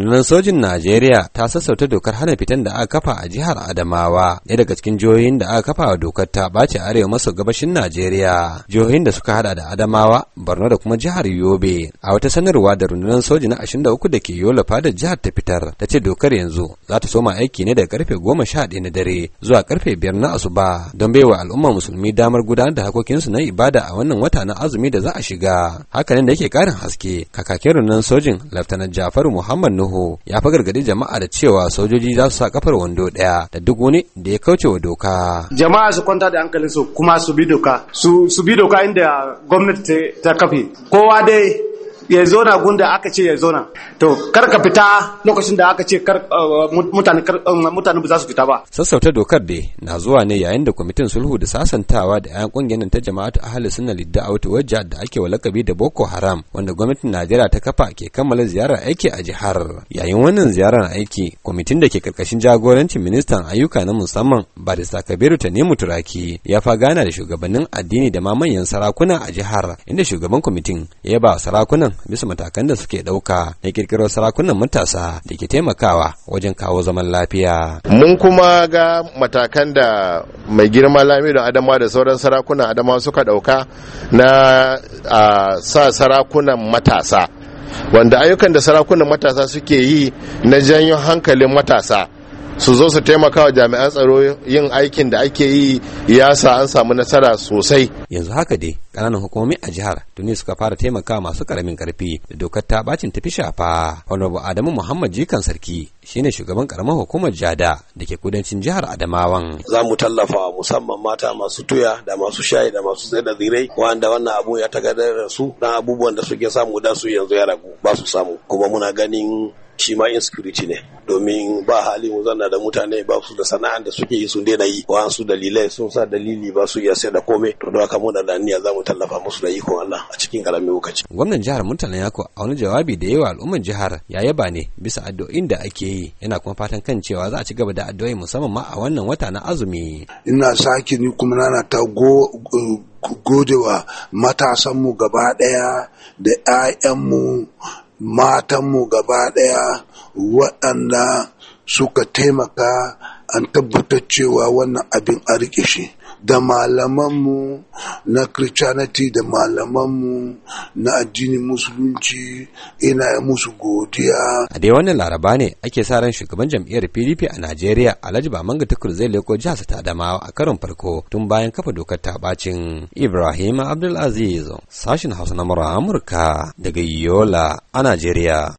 rundunar sojin najeriya ta sassauta dokar hana fitan da aka kafa a jihar adamawa ɗaya daga cikin jihohin da aka kafa dokar ta ɓace arewa maso gabashin najeriya jihohin da suka hada da adamawa borno da kuma jihar yobe a wata sanarwa da rundunar soji na 23 da ke yola fadar jihar ta fitar ta ce dokar yanzu za ta soma aiki ne daga karfe 11 na dare zuwa karfe 5 na asuba don baiwa al'umma musulmi damar gudanar da hakokinsu na ibada a wannan wata na azumi da za a shiga hakanan da yake karin haske kakakin rundunar sojin laftanar jafaru muhammad nuhu Nuhu ya fa gargadi jama'a da cewa sojoji za su sa kafar wando daya da duk wani da ya kauce wa doka. Jama'a su kwanta da hankalin kuma su bi doka su bi doka inda gwamnati ta kafe kowa dai ya zona gunda aka ce ya zona to kar ka fita lokacin da aka ce uh, mutane um, mutane ba za su fita ba sassauta dokar dai na zuwa ne yayin da kwamitin sulhu da sasantawa da yan kungiyar ta jama'atu ahli sunna lidda'awati wajja da ake walakabi da boko haram wanda gwamnatin najeriya ta kafa ke kammala ziyara aiki a jihar yayin wannan ziyarar aiki kwamitin da ke karkashin jagorancin ministan ayyuka na musamman barista kabiru tanimu turaki ya fa gana da shugabannin addini da ma manyan sarakuna a jihar inda shugaban kwamitin ya ba sarakunan bisa matakan da suke ɗauka na kirkiro sarakunan matasa da ke taimakawa wajen kawo zaman lafiya. Mun kuma ga matakan da mai girma Lamido Adama da sauran sarakunan Adama suka ɗauka na sa sarakunan matasa. Wanda ayyukan da sarakunan matasa suke yi na janyo hankalin matasa. su zo su taimaka wa jami'an tsaro yin aikin da ake yi ya sa an samu nasara sosai yanzu haka dai kananan hukumomi a jihar tuni suka fara taimaka masu karamin karfi da dokar ta bacin tafi shafa honorable adamu muhammad jikan sarki shine shugaban karamar hukumar jada da ke kudancin jihar adamawan za mu tallafa musamman mata masu tuya da masu shayi da masu tsaye da zirai wanda wannan abu ya tagadar su na abubuwan da suke samu da su yanzu ya ragu ba su samu kuma muna ganin shi ma insecurity ne domin ba halin zanna da mutane ba su da sana'an da suke yi sun daina yi su dalilai sun sa dalili ba su iya sai da komai to da haka muna da niyya za mu tallafa musu da ikon Allah a cikin karamin lokaci gwamnan jihar Murtala Yako a wani jawabi da yawa al'umman jihar ya yaba ne bisa addu'o'in da ake yi yana kuma fatan kan cewa za a ci gaba da addu'o'i musamman ma a wannan wata na azumi ina sake ni kuma na ta go wa matasanmu gaba ɗaya da 'ya'yanmu matanmu gaba ɗaya waɗanda suka taimaka an tabbatar cewa wannan abin a rike shi da malamanmu na christianity da malamanmu na addinin musulunci ina musu godiya a dai wannan laraba ne ake sa ran shugaban jam'iyyar pdp a najeriya alhaji bamanga tukur zai leko jihar ta adamawa a karon farko tun bayan kafa dokar ta bacin ibrahim abdulaziz sashin hausa na amurka daga yola a najeriya